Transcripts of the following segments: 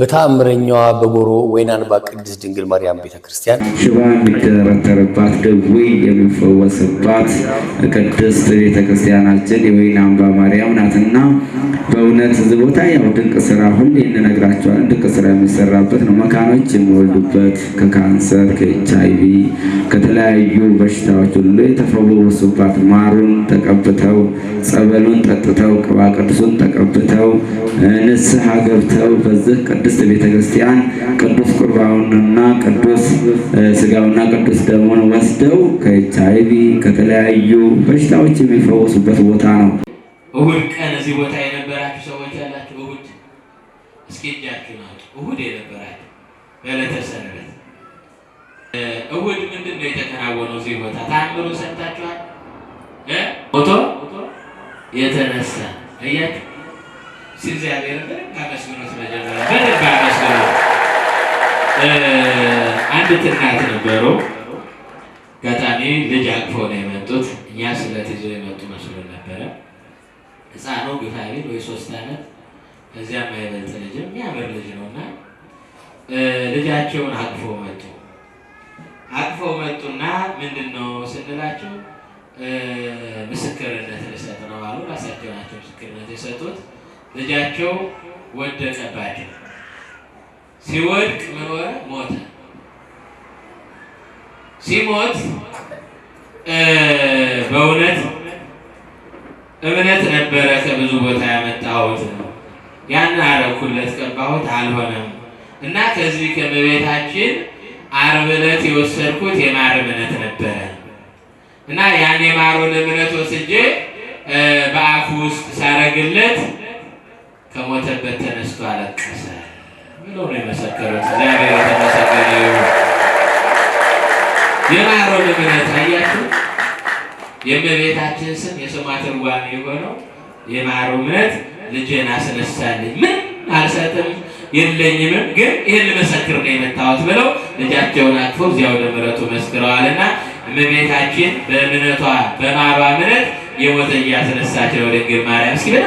በተአምረኛዋ በጎሮ ወይን አንባ ቅድስት ድንግል ማርያም ቤተ ክርስቲያን ሽባ የሚደረደርባት ደዌ የሚፈወስባት ቅድስት ቤተ ክርስቲያናችን የወይን አምባ ማርያም ናትና በእውነት እዚህ ቦታ ያው ድንቅ ስራ ሁሌ እንነግራቸዋለን። ድንቅ ስራ የሚሰራበት ነው። መካኖች የሚወልዱበት ከካንሰር፣ ከኤች ከተለያዩ በሽታዎች ሁሉ የተፈወሱባት ማሩን ተቀብተው ጸበሉን ጠጥተው ቅባ ቅዱሱን ተቀብተው ንስሐ ገብተው በዚህ ቅዱስ ቅድስት ቤተ ክርስቲያን ቅዱስ ቁርባኑና ቅዱስ ስጋውና ቅዱስ ደሙን ወስደው ከኤች አይ ቪ ከተለያዩ በሽታዎች የሚፈወሱበት ቦታ ነው። እሁድ ቀን እዚህ ቦታ የነበራችሁ ሰዎች ያላችሁ እሁድ እስኪ እጃችሁ አውጡ። እሁድ የነበራችሁ በዕለተ ሰንበት እሁድ ምንድን ነው የተከናወነው? እዚህ ቦታ ታምሩ ሰምታችኋል። ፎቶ የተነሳ እያችሁ እግዚአብሔር ታመስግኑት። መጀመሪያ በደንብ አመስግኑ። እናት ነበሩ። ገጣሚ ልጅ አቅፎ ነው የመጡት። እኛ ስለት ይዞ የመጡ መስሎ ነበረ። ህፃኑ ግፋ ቢል ወይ ሶስት ዓመት እዚያ የማይበልጥ ልጅ የሚያምር ልጅ ነው እና ልጃቸውን አቅፎ መጡ። አቅፎ መጡና ምንድን ነው ስንላቸው ምስክርነት ልሰጥ ነው አሉ። ራሳቸው ናቸው ምስክርነት የሰጡት ልጃቸው ወደቀባቸው። ሲወድቅ ምን ሆነ? ሞተ። ሲሞት በእውነት እምነት ነበረ ከብዙ ቦታ ያመጣሁት ያን አረኩለት ቀባሁት፣ አልሆነም እና ከዚህ ከመቤታችን ዓርብ ዕለት የወሰድኩት የማር እምነት ነበረ እና ያን የማሩን እምነት ወስጄ በአፉ ውስጥ ሳረግለት ከሞተበት ተነስቶ አለቀሰ ብሎ ነው የመሰከሩት። እግዚአብሔር የተመሰገነ ይሁን። የማሮን እምነት አያችሁ። የእመቤታችን ስም የስሟ ትርጓሜ የሆነው የማሮ እምነት ልጄን አስነሳልኝ፣ ምን አልሰጥም የለኝምም ግን ይህን ልመሰክር ነው የመታወት ብለው ልጃቸውን አቅፎ እዚያ ወደ ምሕረቱ መስክረዋልና እመቤታችን በእምነቷ በማሯ እምነት የሞተ እያስነሳቸው ነው ድንግል ማርያም ሲበላ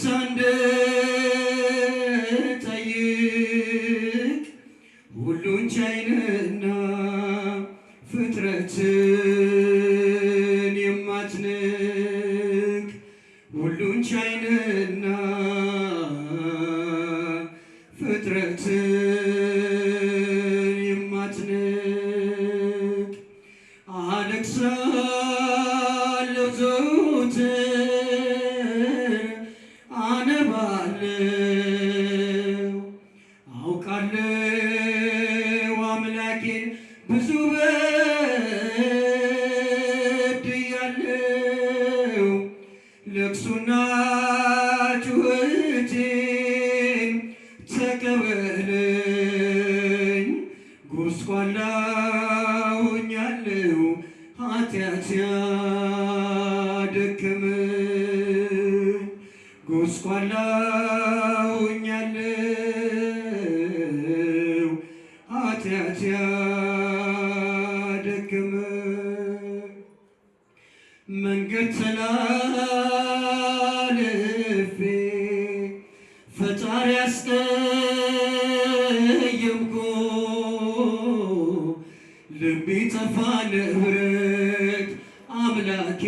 ንስሐ እንድጠይቅ ሁሉን ቻይ ፍጥረትን የማትንቅ ሁሉን ቻይ ልቤን ብዙ በድያለው ልቅሱና ጩኸቴን ተቀበለኝ። ጎስቋላ ኃጢአት ያደከመኝ ጎስቋላ ኃጢአት ያደከመ መንገድ ተላልፌ ፈጣሪ አስቀየምኩ ልቤ ጠፋ ለምህረት አምላኬ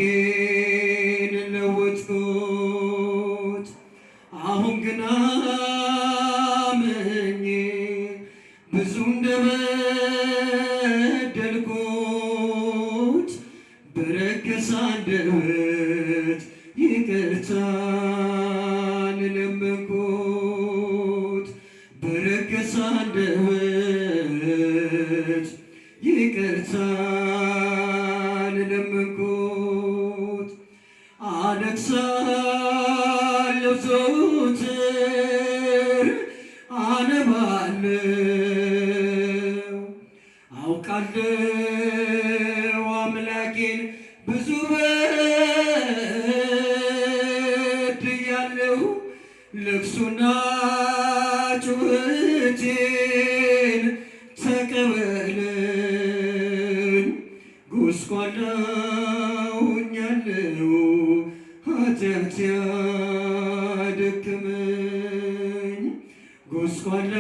ጎስቋላ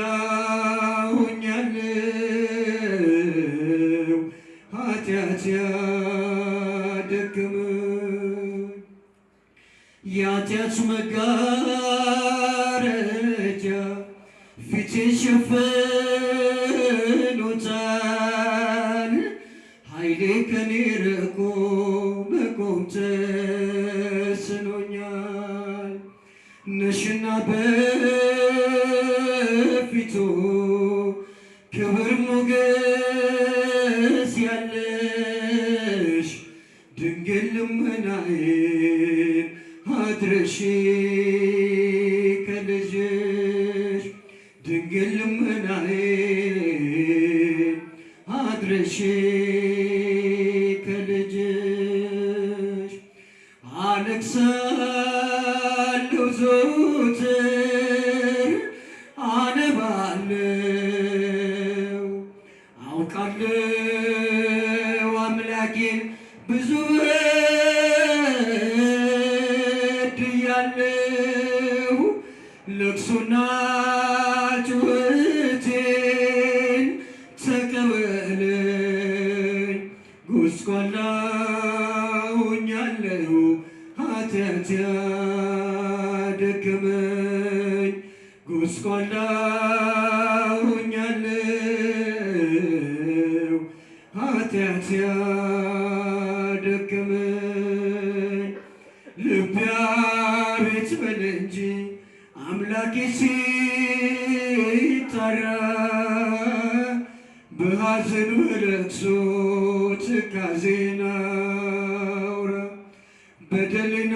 ኃጢአት ያደከመኝ የኃጢአት መጋረጃ ፊቴን ሸፍኖታል ኃይሌ ከኔ ርቆ ድንግል ልመናኔ አድረሽ ከልጅሽ አለቅሳለሁ ዘወትር አነባለሁ አውቃለሁ አምላኬን ብዙ ሁኛለው ኃጢአት ያደከመኝ ልቤ አቤት በል እንጂ አምላኬ ሲጠራ በሐዘን በለቅሶ ትካዜና አውራ በደልና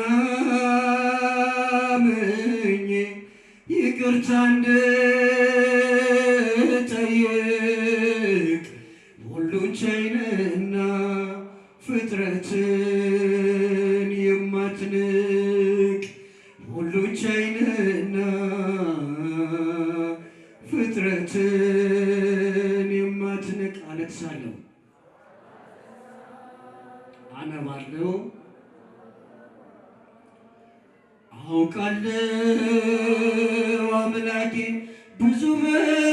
ይቅርታ እንድጠይቅ ሁሉን ቻይ ነህና ፍጥረትን የማትንቅ ሁሉን ቻይ ነህና ፍጥረትን የማትንቅ አለቅሳለሁ፣ አነባለሁ አውቃለሁ Amen.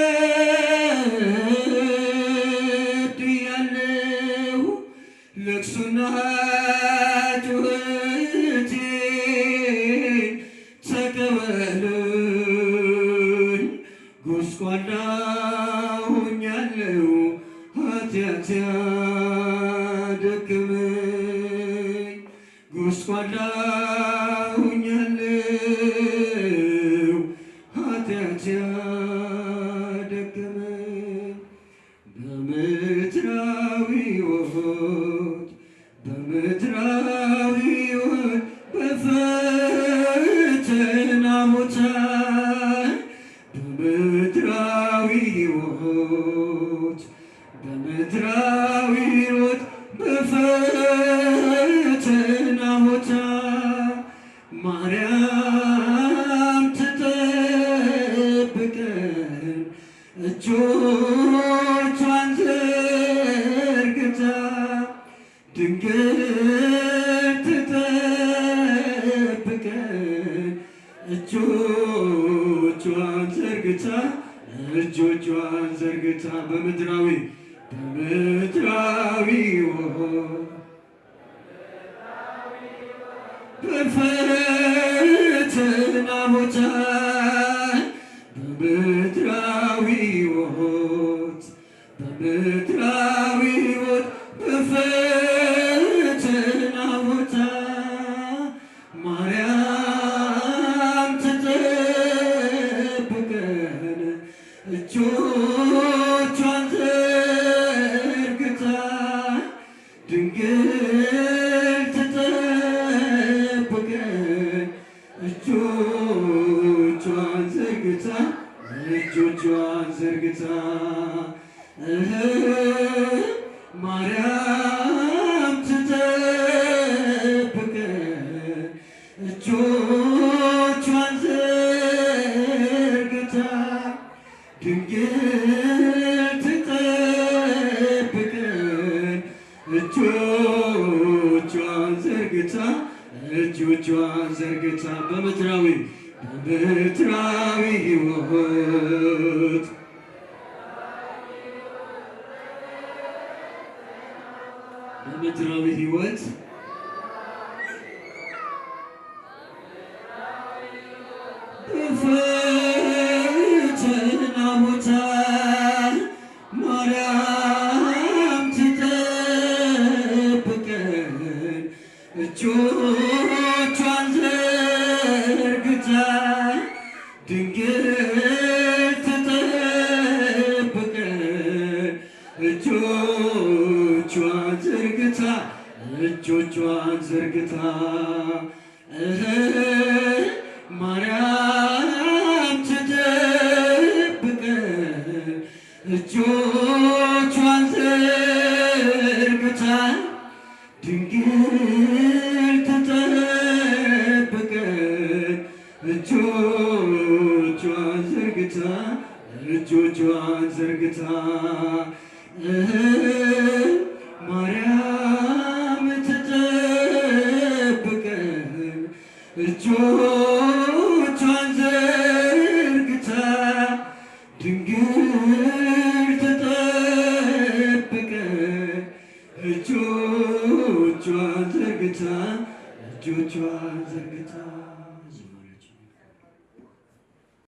በምድራዊ ወፎች በምድራዊ በፈተና ቦታ በምድራዊ ወፎች በምድራዊ በፈተና ቦታ ማርያም ዳዊ ምድራዊ ወ ብትራብ ሕይወት በምድራዊ ህይወት በፈተና ቦታ ማርያም ትጠብቀን እጆ